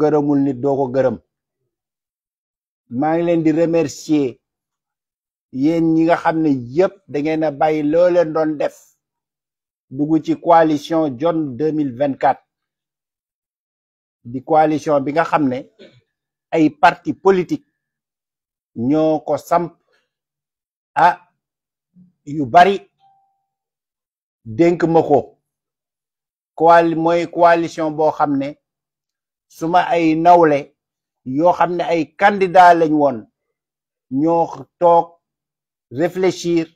gërëmul nit doo ko gërëm maa ngi leen di remercier yéen ñi nga xam yépp da ngeen na bayyi loo leen doon def duggu ci coalition Dionne 2024 di coalition bi nga xam ay parti politique ñoo ko samp ah yu bari denk ma ko coal mooy coalition boo xam ne suma ay nawle yoo xam ne ay kandida lañ woon ñoo toog réfléchir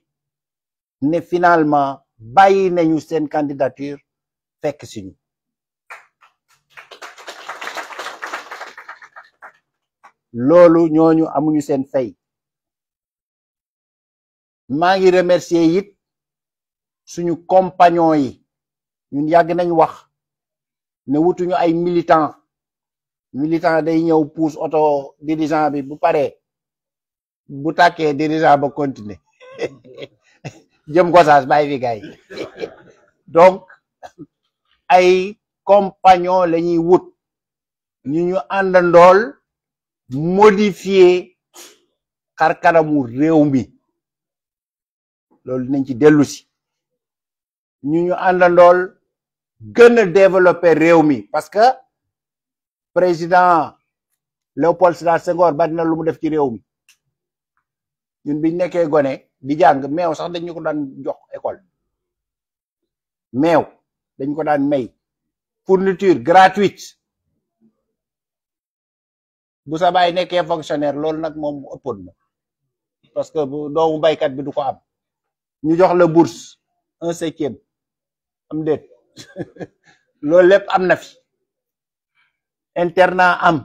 ne finalement bàyyi nañu seen candidature fekk si ñu loolu ñooñu amuñu seen fay maa ngi remercier it suñu compagnon yi ñun yàgg nañ wax ne wutuñu ay militant militant day ñëw pousse auto dirigeant bi bu paré bu tàkkee dirigeant ba continuer jëm gossage bay fi gay donc ay compagnons lañuy ñuy ñu ñu àndandool modifier xarkanamu réew mi lolou dinañ ci dellu si ñu ñu àndandool gën développer réew mi parce que président Léopold Sédar Senghor bari na lu mu def ci réew mi ñun biñ nekké goné di jang meew sax dañ ñu ko daan jox école meew dañ ko daan may fourniture gratuite bu sa bay nekké fonctionnaire lool nak mom ëppoon na parce que doomu baykat bi du ko am ñu jox la bourse un cinquième am déet lool lepp am na fi internant am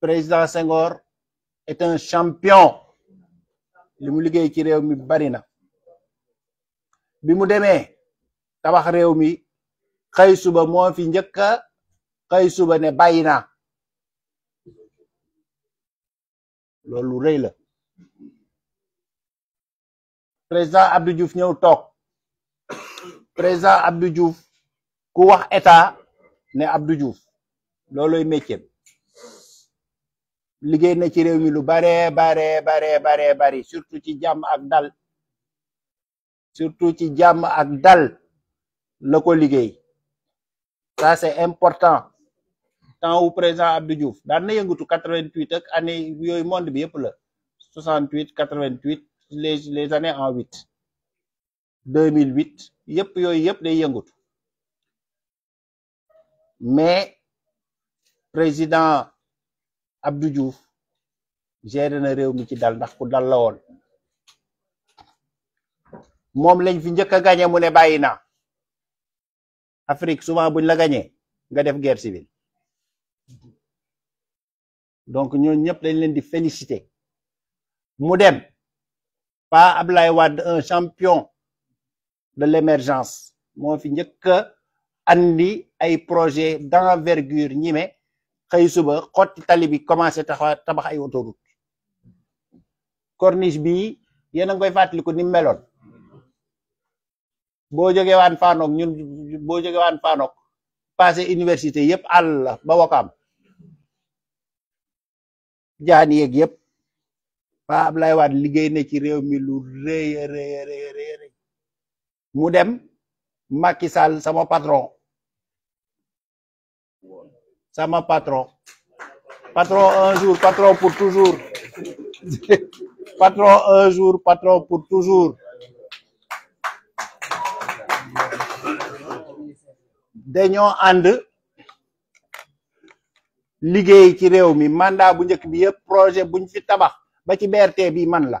président Senghor est un champion li mu liggéey ci réew mi bari na bi mu demee tabax réew mi xëy moo fi njëkk a xëy suba ne bàyyi naa loolu rëy la président Abdou Diouf ñëw toog président Abdou Diouf ku wax état né abdou diouf loloy métier tirent na ci baré, baré, lu baré. baré baré surtout qui jam ak dal surtout ci jam ak dal lako ça c'est important tant ou présent abdou diouf da na 88 ak année yoy monde bi 68 88 les, années en 8 2008 yep yoy yep day yengoutou mais président Abdoujou, j'ai renoncé na réew mi ci dal ndax ku dal la woon mon lañ fi njëkk a gagné ne Afrique souvent buñ la gagné nga def guerre civile donc nous, ñëpp dañ leen di féliciter MoDem, pas Ablaïwad, un champion de l'émergence moo fi que andi ay projet d'envergure ñime xey suba xoti tali commencé tabax ay autoroute corniche bi a ngi ni melone bo jógee waan fanok ñun bo waan fanok passé université ba Pa ablay liggéey na ci mi lu mu dem sama patron ça m'a patron. Patron un jour, patron pour toujours. patron un jour, patron pour toujours. dañoo Ande. Liguez ci réew mi mandat bu ñëk bi projet buñ fi tabax ba ci BRT bi man la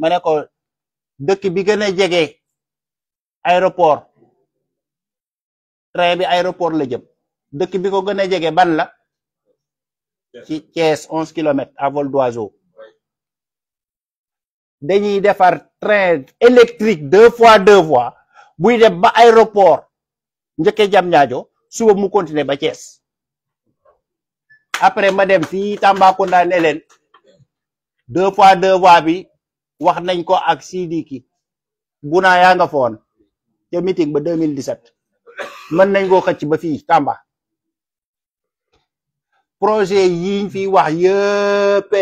ma ne ko dëkk bi gën a jege aéroport train bi aéroport la jëm dëkk bi ko gën a jege ban la ci Thiès onze kilomètres à vol d'oiseau dañuy defar train électrique deux fois deux voies buy dem ba aéroport njëkkee jam ñaajo suba mu continuer ba Thiès après ma dem fi fii Tambacounda ne leen deux fois deux voies bi wax nañ ko ak sidiki buna ya nga fon ci meeting ba 2017 man nañ ko xëc ba fi tamba projet yiñ fi wax yépp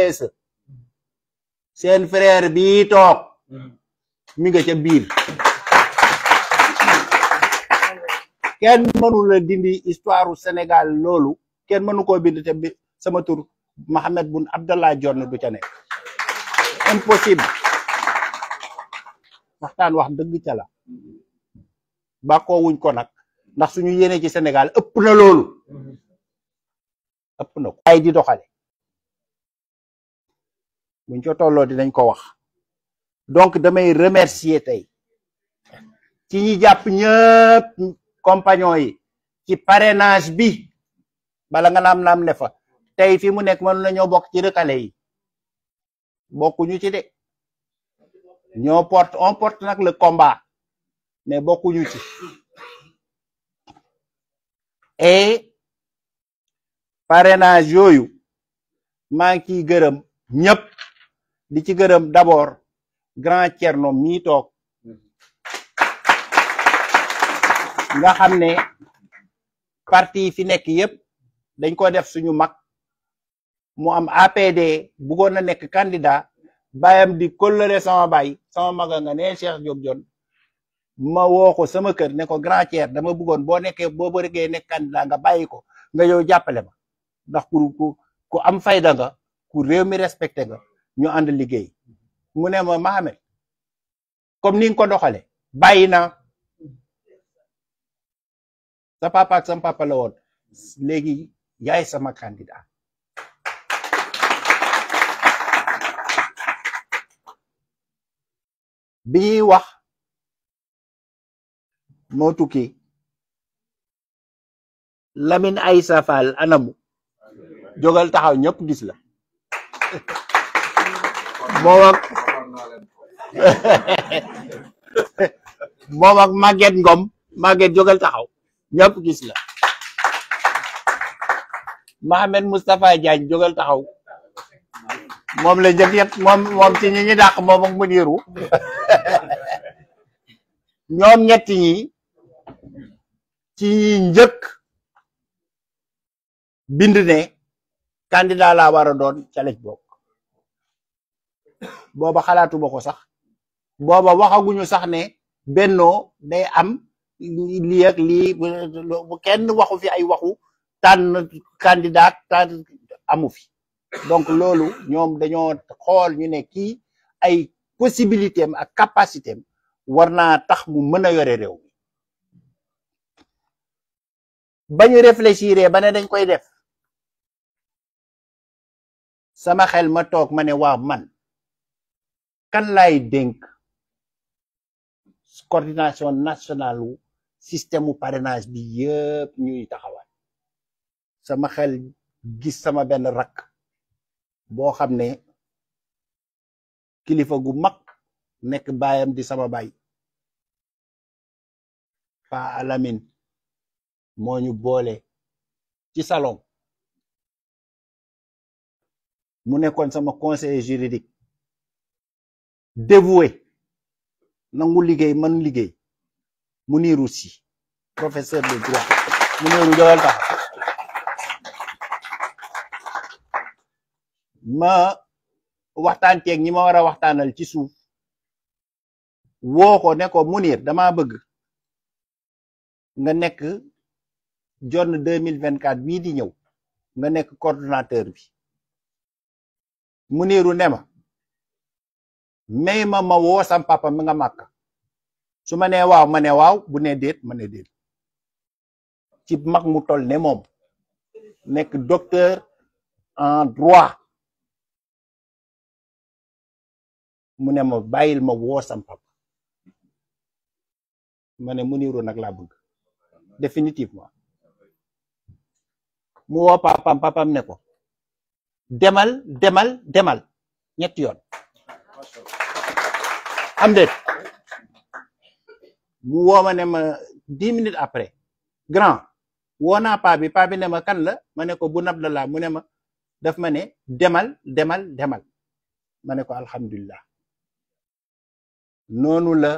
sen frère bi tok mi nga ci bir ken mënu la dindi histoire senegal lolu ken mënu ko bind te sama tour mohammed bun abdallah jonn du ca nek impossible waxtaan wax dëgg ca la bàkkoo wuñ ko nag ndax suñu yéene ci Sénégal ëpp na loolu ëpp na ko ay di doxale buñ ko tolloo dinañ ko wax donc damay remercier tey ci ñi jàpp ñëpp compagnon yi ci parrainage bi bala nga naam naam ne fa tey fi mu nekk mën na ñoo bokk ci rëkkale yi bokkuñu ci de ñoo porte on porte nag la combat mais bokkuñu ci et parrainage yooyu maa ngi ciy gërëm ñëpp di ci gërëm d'abord grand Thierno mii toog nga xam ne parti yi fi nekk yépp dañ ko def suñu mag mu am APD bëggoon na nekk candidat baayam di kóllëre sama baay sama maga nga ne Cheikh Diop Dione ma woo ko sama kër ne ko grand tier dama buggoon boo nekkee boo bëggee nekk candidat nga bàyyi ko nga yow jàppale ma ndax ku ku am fayda nga ku réew mi respecté nga ñu ànd liggéey mu ne ma Mohamed comme ning ko doxale bàyyi naa sa papa ak papa la woon léegi yaay sama kandida bi ñuy wax moo tukki Lamine Aïssa Fall anamu jógal taxaw ñëpp gis la moom ak moom ak Maguette Ngom Maguette jógal taxaw ñëpp gis la Mohamed Moustapha Diagne jógal taxaw moom la njëkk yëpp moom moom ci ñi ñu dàq moom ak Muniru ñoom ñett ñi ci ñi njëkk bind ne candidat laa war a doon ca lañ bokk booba xalaatuma ko sax booba waxaguñu sax ne bennoo am lii ak lii bu kenn waxu fi ay waxu tànn candidat tànn amu fi donc loolu ñoom dañoo xool ñu ne kii ay possibilité am ak capacité war naa tax mu mën a yore réew mi ba ñu réfléchir ba ne dañ koy def sama xel ma toog ma ne waaw man kan lay dénk coordination nationale wu système mu parrainage bi yëpp ñuy taxawal sama xel gis sama benn rakk boo xam ne kilifa gu mag nekk baayam di sama baay Pa Alamine moo ñu boole ci salon mu nekkoon sama conseiller juridique dévoué nangu liggéey man liggéey Mounirou Sy professeur de droit Mounirou jowal tax ma waxtaan teeg ñi ma war a waxtaanal ci suuf wooko ko ne ko Mounir dama bëgg nga nekk jon jonn 2024 bii di ñëw nga nekk coordonnateur bi Mouniru ne ma may ma ma woo sam papa mi nga màkk su ma nee ma ne waaw bu ne déet ma ne déet ci mag mu tol ne moom nekk docteur en droit mu ne ma bàyyil ma woo sam papa ma ne Mounirou nag laa bëgg définitivement mu woo papam papam ne ko demal demal demal ñetti yoon am déet mu woo ma ne ma dix minutes après grand woo naa paa bi paa bi ne ma kan la ma ne ko bu nab la laa mu ne ma def ma ne demal demal demal ma ne ko alhamdulilah noonu la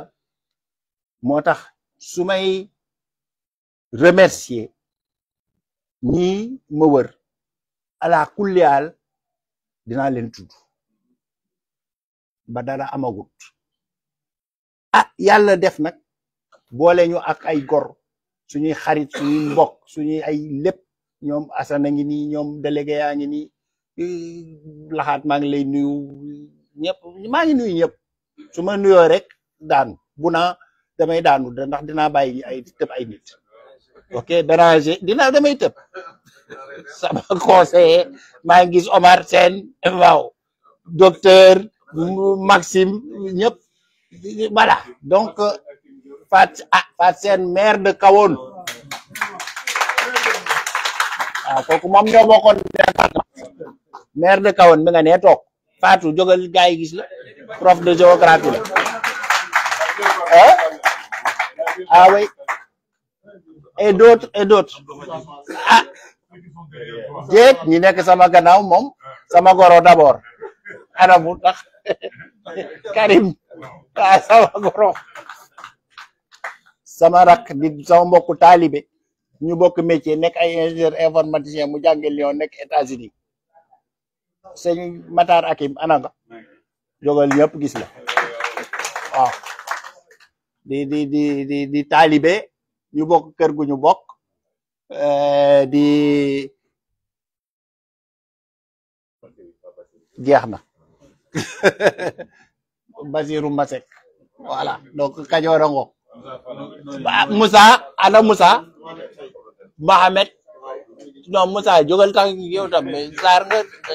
moo tax su may remercier ñii ma wër ala kulliyaal dinaa leen tudd ba dara amagut ah yàlla def nag boole ñu ak ay gor suñuy xarit suñuy mbokk suñuy ay lépp ñoom asana ngi ñoom délégué yaa ngi nii laxaat maa ngi lay nuyu ñëpp maa ngi ñëpp su ma nuyoo rek daan bu naa damay daanu ndax dinaa bàyyi ay ay nit ok béranger dinaa damay tëb sama conseiller maa ngi gis Omar Sène waaw docteur Maxime ñëpp voilà donc Fat ah maire de Kahone waaw ah, kooku moom maire de Kahone mi nga nee toog Fatou jógal gaa gis la prof de géographie la hein eh? ah oui et d'autres et d'autres ah déet ñi sama gannaaw mom, sama goro d'abord tax karim ah, sama goro sama rak di sama mbokku talibé ñu bokk métier nek ay ingénieur informaticien mu jànge Lyon nek États-Unis Matar Akim ananga jógal yëpp gis nga waaw di di di di di taalibe ñu bokk kër di jeex na Basiru Mbasek voilà donc Kajoor a ngoog Moussa ana Moussa Mohamed non Moussa jógal tax yow Sarr nga da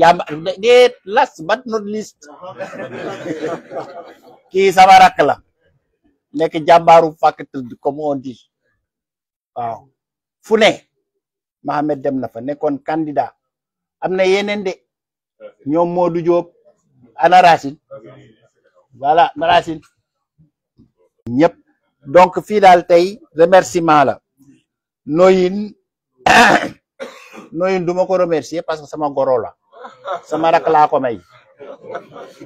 yàmba déet last but not least kii sama la nekk jàmbaaru fàkk tëdd comme on dit waaw Mohamed dem na fa nekkoon candidat am na yeneen de ñoom Modou Diop ana Racine voilà Racine ñëpp donc fii daal tey remerciement la noyin noy nduma ko remercier parce que sama goro la sama rak la ko may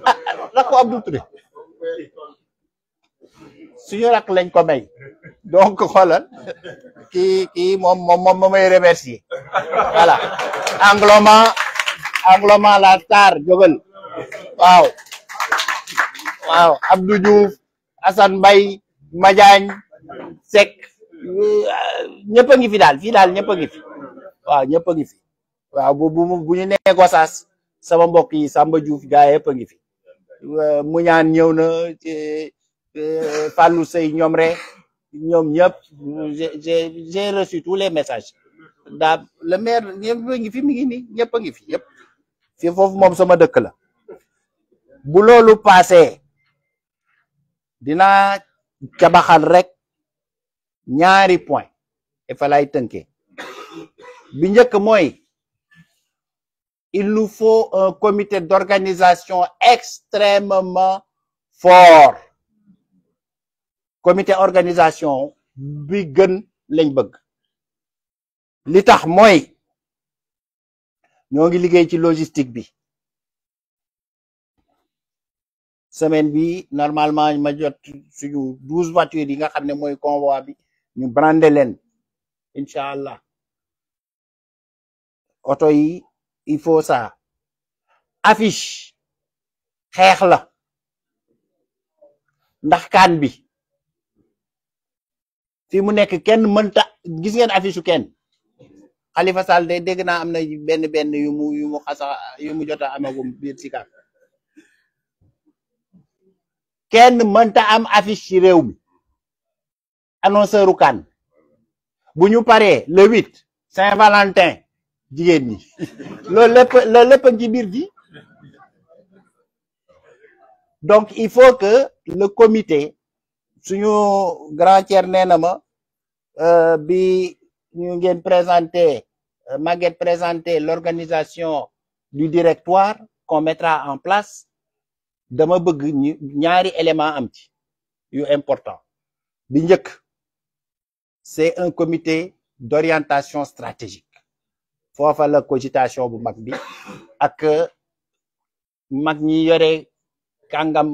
ah rakku Abdou Touré suñu rak lañ ko may donc xolal ki ki mom mom mom may remercier voilà Angloma Angloma la tar jogal waaw waaw Abdou Diouf Assane bay Madiagne Seck ñepp nga fi dal fi dal ñepp nga fi waaw ñëpp a ngi fi waaw bu bu bu ñu nee Gossas sama mbokk yi Samba Diouf gars yëpp a ngi fi euh, mu ñaan ñëw na euh, euh, Fallou Sey ñoom rek ñoom ñëpp j'ai j'ai reçu les messages daa le maire ñëpp ngi fi mi ngi nii ñëpp a ngi fi yëpp fi foofu moom sama dëkk la bu loolu passé dina cabaxal rek ñaari point et fa bi njëkk il nous faut un comité d'organisation extrêmement fort comité organisation bi gën lañ bëgg li tax mooy liggéey ci logistique bi semaine bi normalement ma jot suñu douze voitures yi nga xam ne mooy convoi bi ñu brandé auto yi il faut ça affiche xex la ndax kan bi fi mu nek kenn ta gis ngeen affiche kenn Khalifa Sall day deg na amna ben ben yu mu yu mu xasa yu mu jota amagum biir si kan kenn ta am affiche ci réew mi annonceur u kan le huit Saint-Valentin jigen ni loolu lepp loolu ngi bir di donc il faut que le comité suñu grand tiers nee na euh, bi ñu ngeen présenter euh, Maguette présenter l'organisation du directoire qu'on mettra en place dama bëgg ñaari élément am ci yu important bi c'est un comité d'orientation stratégique foofa la cogitation bu mag bi ak mag ñi yore kàngam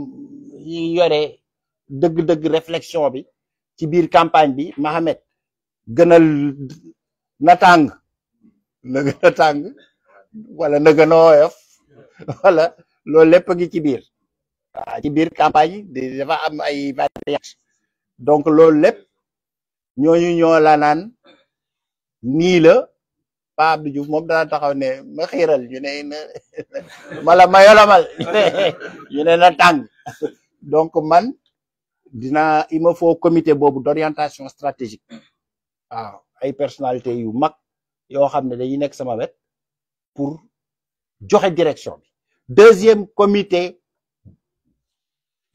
yi yore dëgg-dëgg reflexion bi ci biir campagne bi Mahamed gënal na tàng a tàng wala na gën a oyof wala loolu lépp ngi ci biir waaw ci biir campagne yi am ay variétés donc loolu lépp ñooñu ñoo la naan nii Pape Abdou Diouf mom da taxaw né ma xiiral ñu ne mala ma yolamal ñu ne na tang donc man dina il me faut comité bobu d'orientation stratégique waaw ay personnalité yu mag yo xamné dañuy nek sama wette pour joxe direction bi deuxième comité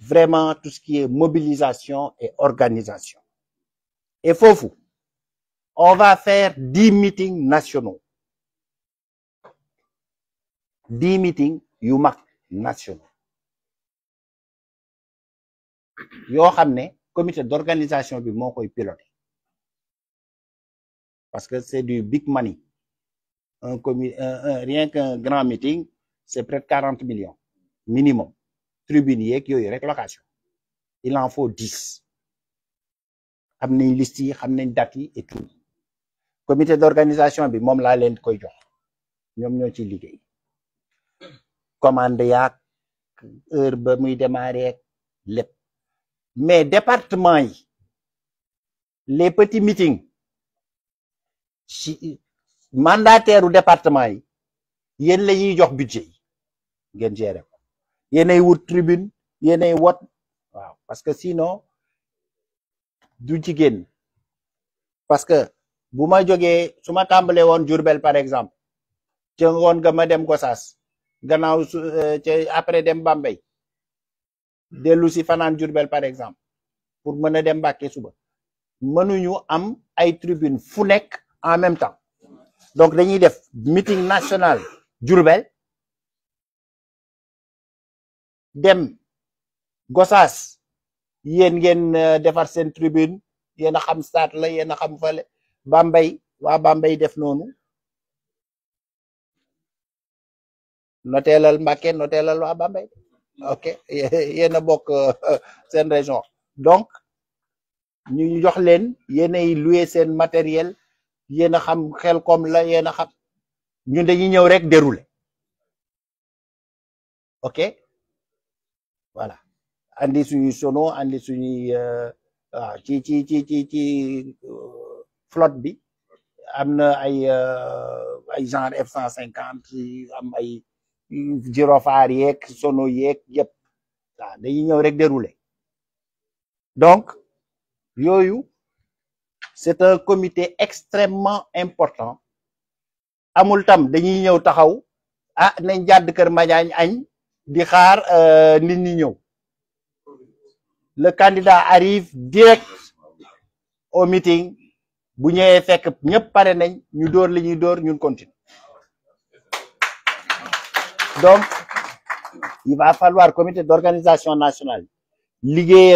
vraiment tout ce qui est mobilisation et organisation et fofu on va faire 10 meetings nationaux. 10 meetings you mark nationaux Yo xam comité d'organisation du qui est piloté parce que c'est du big money un rien qu'un grand meeting c'est près de 40 millions minimum Tribunier qui a eu location il en faut 10 Amener une liste yi date et tout comité d'organisation bi moom laa leen koy jox ñoom ñoo ci liggéey commande yaak heure ba muy démarrer lépp mais département yi les petits meetings ci mandataire u département yi yéen la ñuy jox budget yi ngeen gérer ko yéenay wut tribune yéenay wot waaw parce que sinon du jigéen parce Buma joge suma tambale won Jurbel par exemple ci ngone ga dem Gossas ganaw eh, ci après dem bambay delu ci Jurbel jurbel par exemple pour meuna dem bakke suba mënuñu am ay tribune fu nek en même temps donc dañuy def meeting national Jurbel, dem Gossas yen ngeen eh, defar tribun, tribune yen xam stade la yen xam fale bambay wa bambay def noonu Notelal Mbacké notelal wa Bambay? ok y a bokk cette région donc ñu jox len yéen louer sen matériel xam xel comme la nous xam ñun dañuy ñew rek dérouler ok voilà andi suñu sono andi suñu chi euh, chi ci ci flotte bi amna ay euh, ay genre F 150 am ay gyrophare yeeg sono yek yep da rek dérouler donc yoyu c'est un comité extrêmement important amul tam dañuy ñëw taxaw ah nañ jàdd kër Madiagne añ di xaar euh, nit ñi le candidat arrive direct au meeting bu ñëwee fekk ñëpp paré nañ ñu nous li ñuy ñun continue donc il va falloir comité d'organisation nationale liguer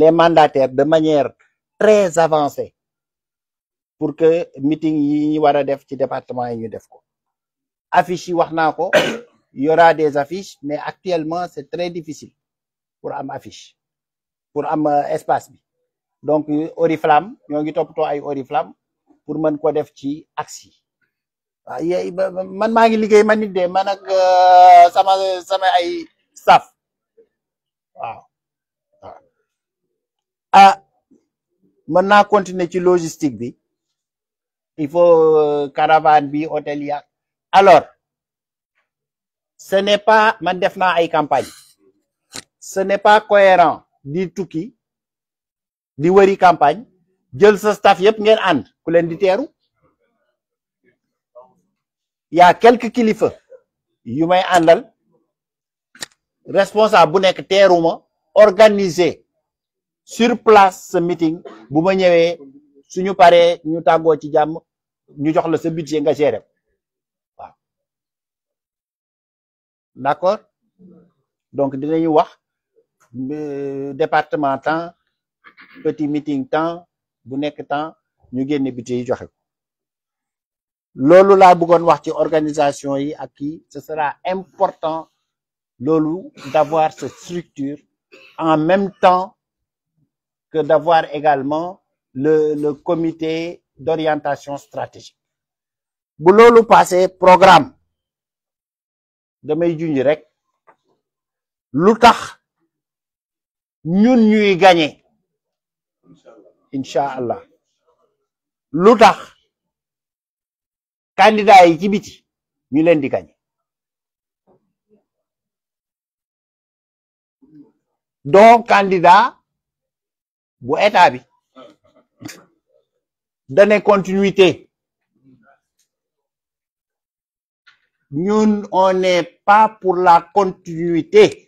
les mandataires de manière très avancée pour que meeting yi ñu wara def ci département yi ñu def ko affiche y aura des affiches mais actuellement c'est très difficile pour am affiche pour am euh, espace bi donc oriflamme ñoo ngi toppatoo ay oriflamme pour man ko def ci aksi yi waaw man ma ngi liggey man nit de man ak euh, sama sama ay staff waaw a ah, man na continuer ci logistique bi il faut euh, caravane bi hôtel ya alors ce n'est pas man def naa ay campagne ce n'est pas cohérent di qui di wari campagne jël sa staff yépp ngeen and, ku leen di téru ya quelques kilifa yu may andal responsable bu nek téruma organiser sur place ce meeting bu ma ñëwee suñu paré ñu tàggoo ci jamm ñu jox la sa budget nga géré d'accord donc dinañu wax euh, département petit meeting temps bu que temps ñu organisation yi ce sera important d'avoir cette structure en même temps que d'avoir également le comité d'orientation stratégique bu passé programme damay mes rek nous, nous ñun ñuy Inch'Allah. lutax candidat yi ci biti ñu donc candidat Vous êtes bi Donnez continuité Nous, on n'est pas pour la continuité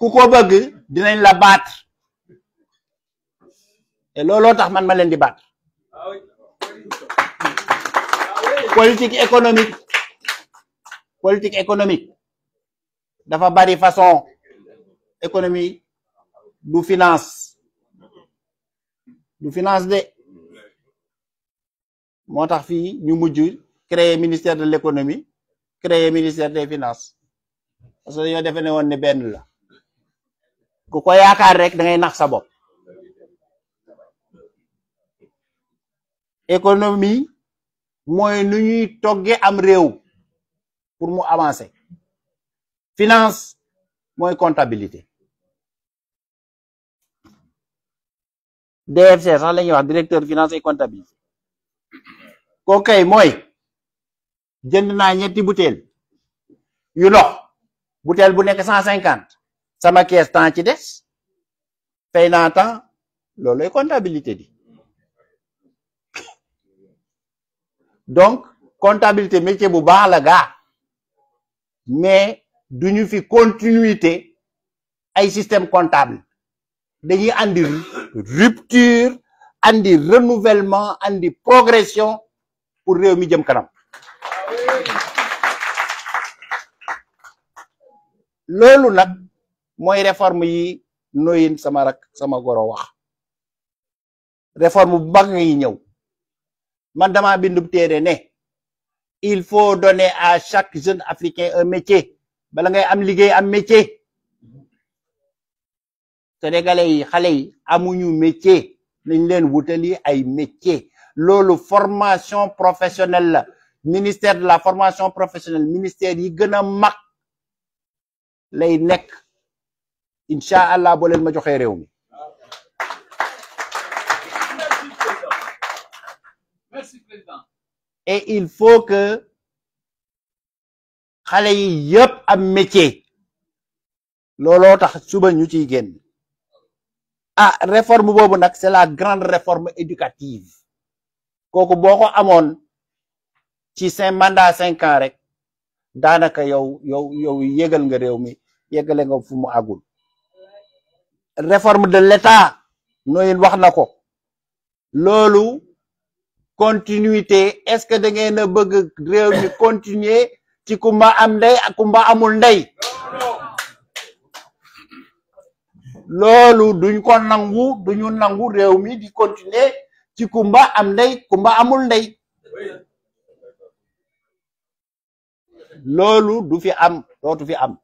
Coucou ko bëgg dinañ la battre Et looloo tax man ma leen di battre politique économique politique économique dafa bari façon économie du finance du finance de moo tax nous ñu mujj créer ministère de l'économie créer ministère des finances parce que dañoo defe ne woon ne benn la ku ko yaakaar rek da ngay nax sa bopp économie mooy nu ñuy togge am réew pour mu avancer finance mooy comptabilité DFC sax la ñuy wax directeur finance et comptabilité koo kay mooy jënd naa ñetti butéel yu ndox butéel bu nekk cent cinquante sama kees temps ci des fay na temps loolu comptabilité di donc comptabilité métier bu baax la ga mais duñu fi continuité ay système comptable dañuy andi rupture andi renouvellement andi progression pour réew mi jëm kanam lolou moy réforme yi noyine sama rak sama goro wax réforme bu mag yi ñëw man dama bindub téré né il faut donner à chaque jeune africain un métier bala ngay am liggéey am métier sénégalais yi xalé yi amuñu métier nañ leen wutali ay métier lolu formation professionnelle la ministère de la formation professionnelle ministère yi gëna mag lay nek incha allah boo leen ma joxe rew mi et il faut que xalé yi yeb am métier lolo tax suba ñu ci genn ah réforme bobu nak c'est la grande réforme éducative koku boko amone ci saint mandat cinq ans rek daanaka yow yow yow yegal nga rew mi yegal nga fu mu agul réforme de l'État Nous, wax na continuité est-ce que da ngeen a bëgg continuer ci kumba am ndey ak kumba amul ndey loolu duñ nangu duñu nangu réew di continuer ci kumba am ndey kumba amul ndey loolu du fi am dootu fi am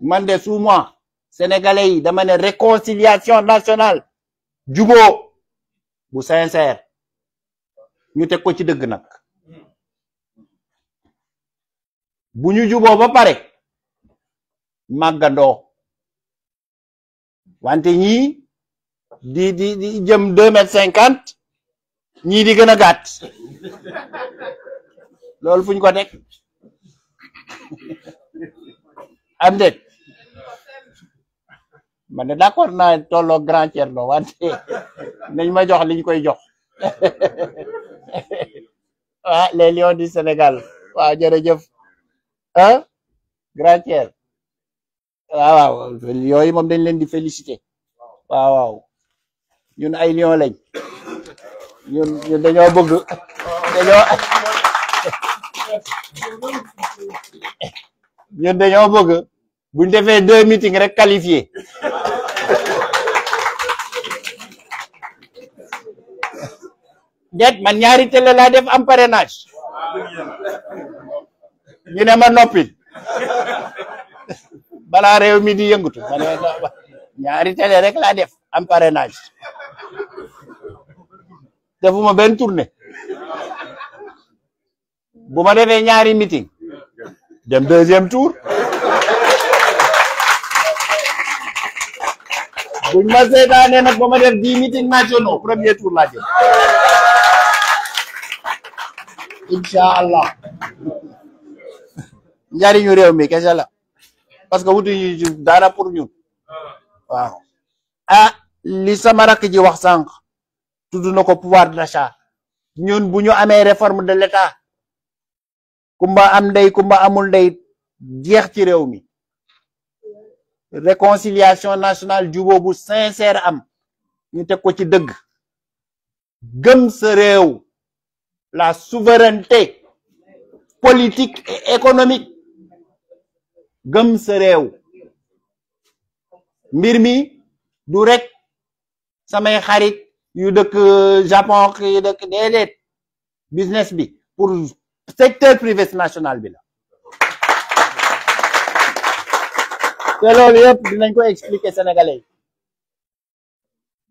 man de moi sénégalais yi dama ne réconciliation nationale jubo bu sincère ñu teg ko ci dëgg nag bu ñu juboo ba pare màggandoo wante ñi di di di jëm deux mètres cinquante ñii di gën a gàtt loolu ko teg am déet ma ne d'accord naa tolloo grand Thierno wante nañ ma jox liñ koy jox ah les lions du Sénégal waaw jërëjëf ah grand Thierno waaw ah, waaw yooyu moom dañ leen di félicité waaw waaw ñun ay lion lañ ñun ñun dañoo bëgg dañoo ñun dañoo bëgg buñ defee deux meeting rek qualifié déet man ñaari télé la def am parrainage ñu ne ma noppi balaa réew mi di yëngatu ma ne ñaari télé rek laa def am parrainage defuma benn tournée bu ma defee ñaari meeting dem deuxième tour buñ ma seetaanee nag ba ma def dix meeting nationaux premier tour laa jël incha allah njariñu réew mi kese la parce que wutuñu ju dara pour ñun waaw ah li sama rakk wax sànq tudd na ko pouvoir d'achat ñun bu ñu amee réforme de l'état kumba am ndey kumba amul ndey jeex ci réew mi réconciliation nationale jubóo bu sincère am ñu teg ko ci dëgg gëm sa réew la souveraineté politique et économique gëm sa réew mbir mi du rek samay xarit yu dëkk euh, Japon yu dëkk déedéet business bi pour secteur privé national bi la te loolu yëpp dinañ ko expliquer sénégalais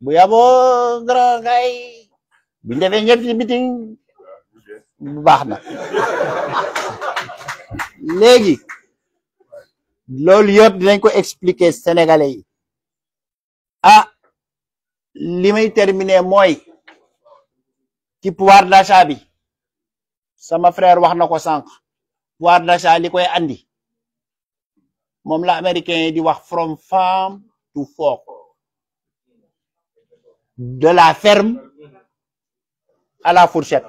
bu yaboo grand gars yi bu ñu defee baxna legi, lol yeb dinañ ko expliquer sénégalais yi ah limay terminer moy ci pouvoir d'achat bi sama frère wax na ko pouvoir d'achat likoy andi mom la américain di wax from farm to fork de la ferme à la fourchette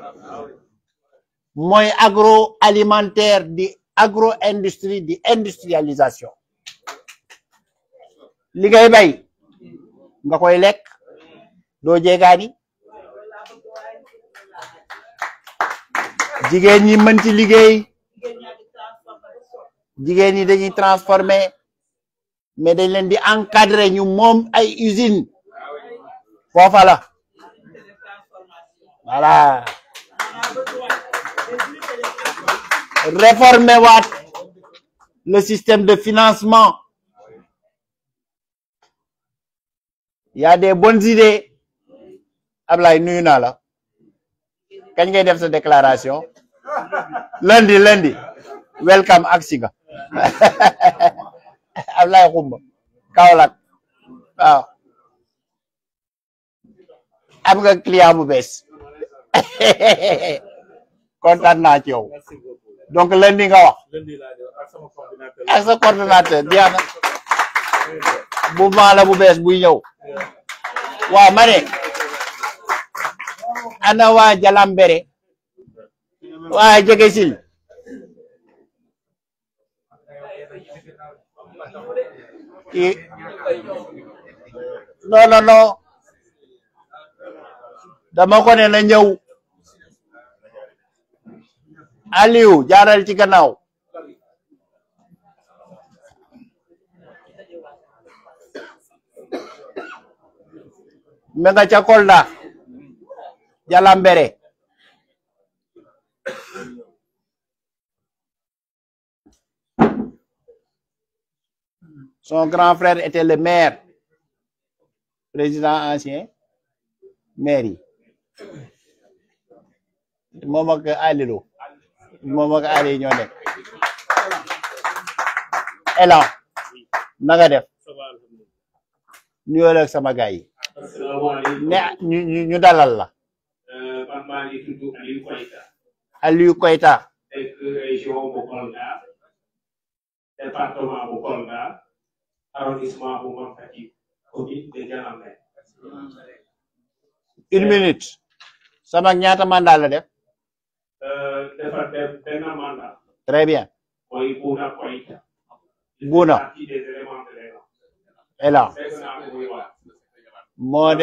Moi agroalimentaire di agro-industrie di industrialisation li bay transformer mais dañ leen di encadrer ñu usine voilà réformer what le système de financement Il y a des bonnes idées Ablaye nous, nous, la Quand def cette déclaration lundi lundi welcome Axiga. nga client donc lundi nga wax ak sa coordinateur jeex na mouvement la bu bees buy ñëw ana waa Jalambere waa jege sil kii non non non na ñëw Aliou jaral ci gannaaw me nga Kolda son grand frère était le maire président ancien maire yi moom ak Aliou ñoo nekk Elan nanga def nuyoo la ak sama gars yi ne ñu ñu dalal la Aliou Koita département bu Kolda arrondissement bu Mafati commune de Diamaguène une minute sama ñaata mandat la def très bien. Gouna. Et Moi,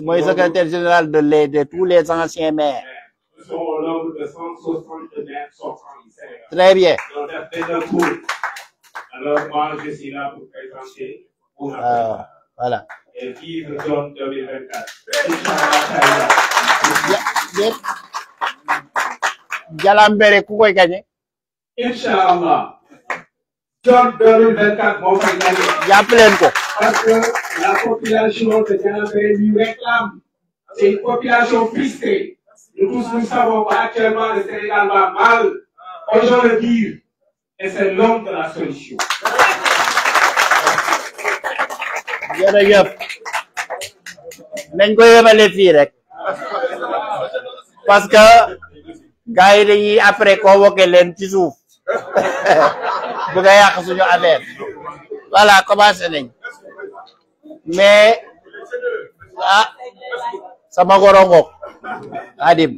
moi, secrétaire général de tous les anciens maires. très bien. alors ah, moi je suis là pour voilà. et Jala Mbere ku koy Inch'Allah. incha allah 24, 2024 moo koy gañe ko parce que la population de Jala lui réclame c'est une population pistée. nous tous nous savons qu'actuellement le Sénégal va mal Aujourd'hui, le dire et c'est l'homme de la solution jërëjëf nañ ko yemale fii rek parce que gars yi dañuy après convoqué leen ci suuf bëgg a suñu affaire voilà commencé nañ mais ah sama gorongoog Xaadim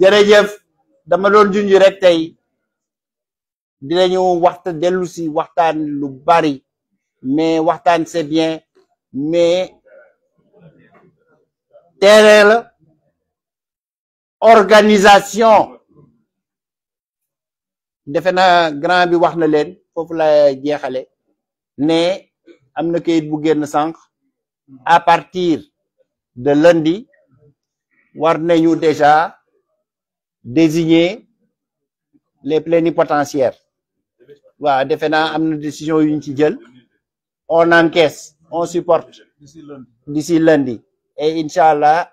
jërëjëf dama doon junj rek tey dinañu waxta dellu si waxtaan lu bari mais waxtaan c'est bien mais terrain la organisation définant grand bi wax na leen foofu la jexale ne amna kayit bu génn sank à partir de lundi war nañu déjà désigner les plénipotentiaires waaw defe décision yuñ ci on encaisse on supporte d'ici lundi et inshallah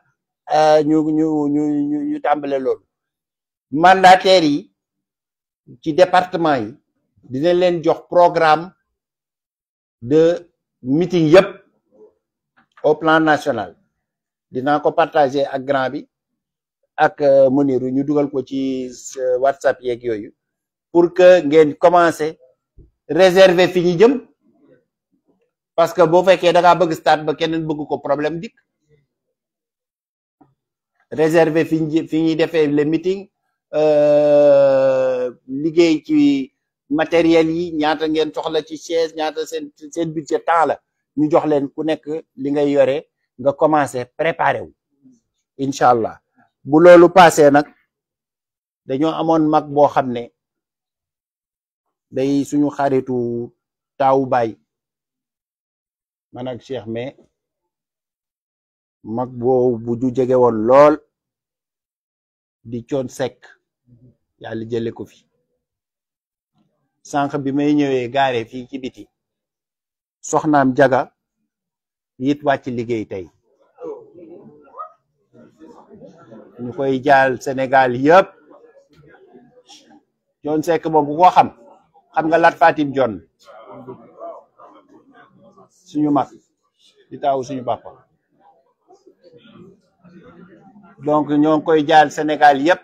Eh, ñu ñu ñu ñu ñu tàmbale loolu mandataires yi ci département yi dinañ leen jox programme de meeting yëpp au plan national dinaa ko partager ak grand bi ak euh, Muniru ñu dugal ko ci euh, WhatsApp yeeg yooyu pour que ngeen commencer réserver fi ñu jëm parce que boo fekkee da ngaa bëgg stade ba keneen bëgg ko problème dikk réserver fi ñu fi ñuy defee le meeting euh, liggéey ci matériel yi ñaata ngeen soxla ci chaise ñaata seen seen budget temps la ñu jox leen ku nekk li ngay yore nga commencé préparer wu incha allah bu loolu passé nag dañoo amoon mag boo xam ne day suñu xaritu taawu baay man ak mais mag boobu bu ju jege woon lool di coon sekk yàlla jële ko fi sànq bi may ñëwee gaare fii ci biti soxnaam jaga yit wàcc liggéey tey ñu koy jaal Sénégal yëpp John Seck moom ku ko xam xam nga Lat Fatim John suñu mag di taaw suñu bàppa donc ñong koy jaal Sénégal yépp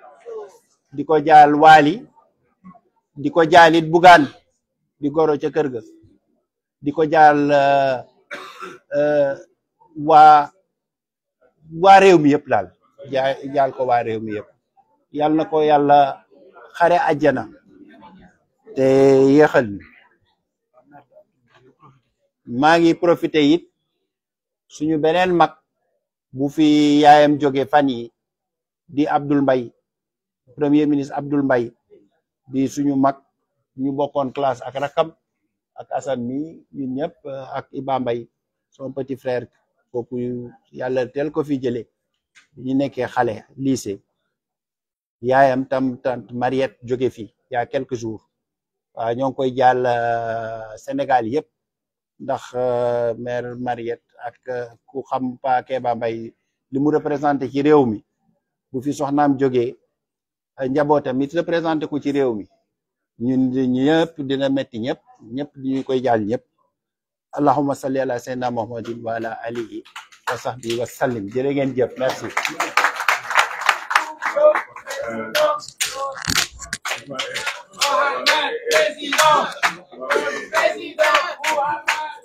di ko jaal wali di ko jaal it di goro ci kër ga di ko euh, euh Wa wa rew mi yépp daal jaal ko wa yep, mi yépp yalla nako yalla xare àjjana te yéexal ni maa ngi profité yit suñu benen mak bu fi yaayam joge fan yi di Abdoul Mbaye premier ministre Abdoul mbay di suñu mag ñu bokkoon classe ak rakam ak Assane mi ñun ñëpp eh, ak Iba Mbaye son petit frère kooku yàlla teel ko fi jële ñu nekkee xale lycée yaayam tam tante Mariette jóge fi il quelque jour quelques ñoo ngi koy jàll eh, Sénégal yëpp ndax maire Mariette ak ku xam Pa Keba Mbaye li mu représenté ci réew mi bu fi soxnaam jógee njabootam mit représenté ko ci réew mi ñun ñëpp dina metti ñëpp ñëpp ñu koy jaal ñëpp allahumma salli ala sayyidina muhammadin wa alihi wa sahbihi wa sallim jërë ngeen jëf merci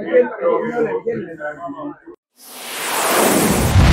♪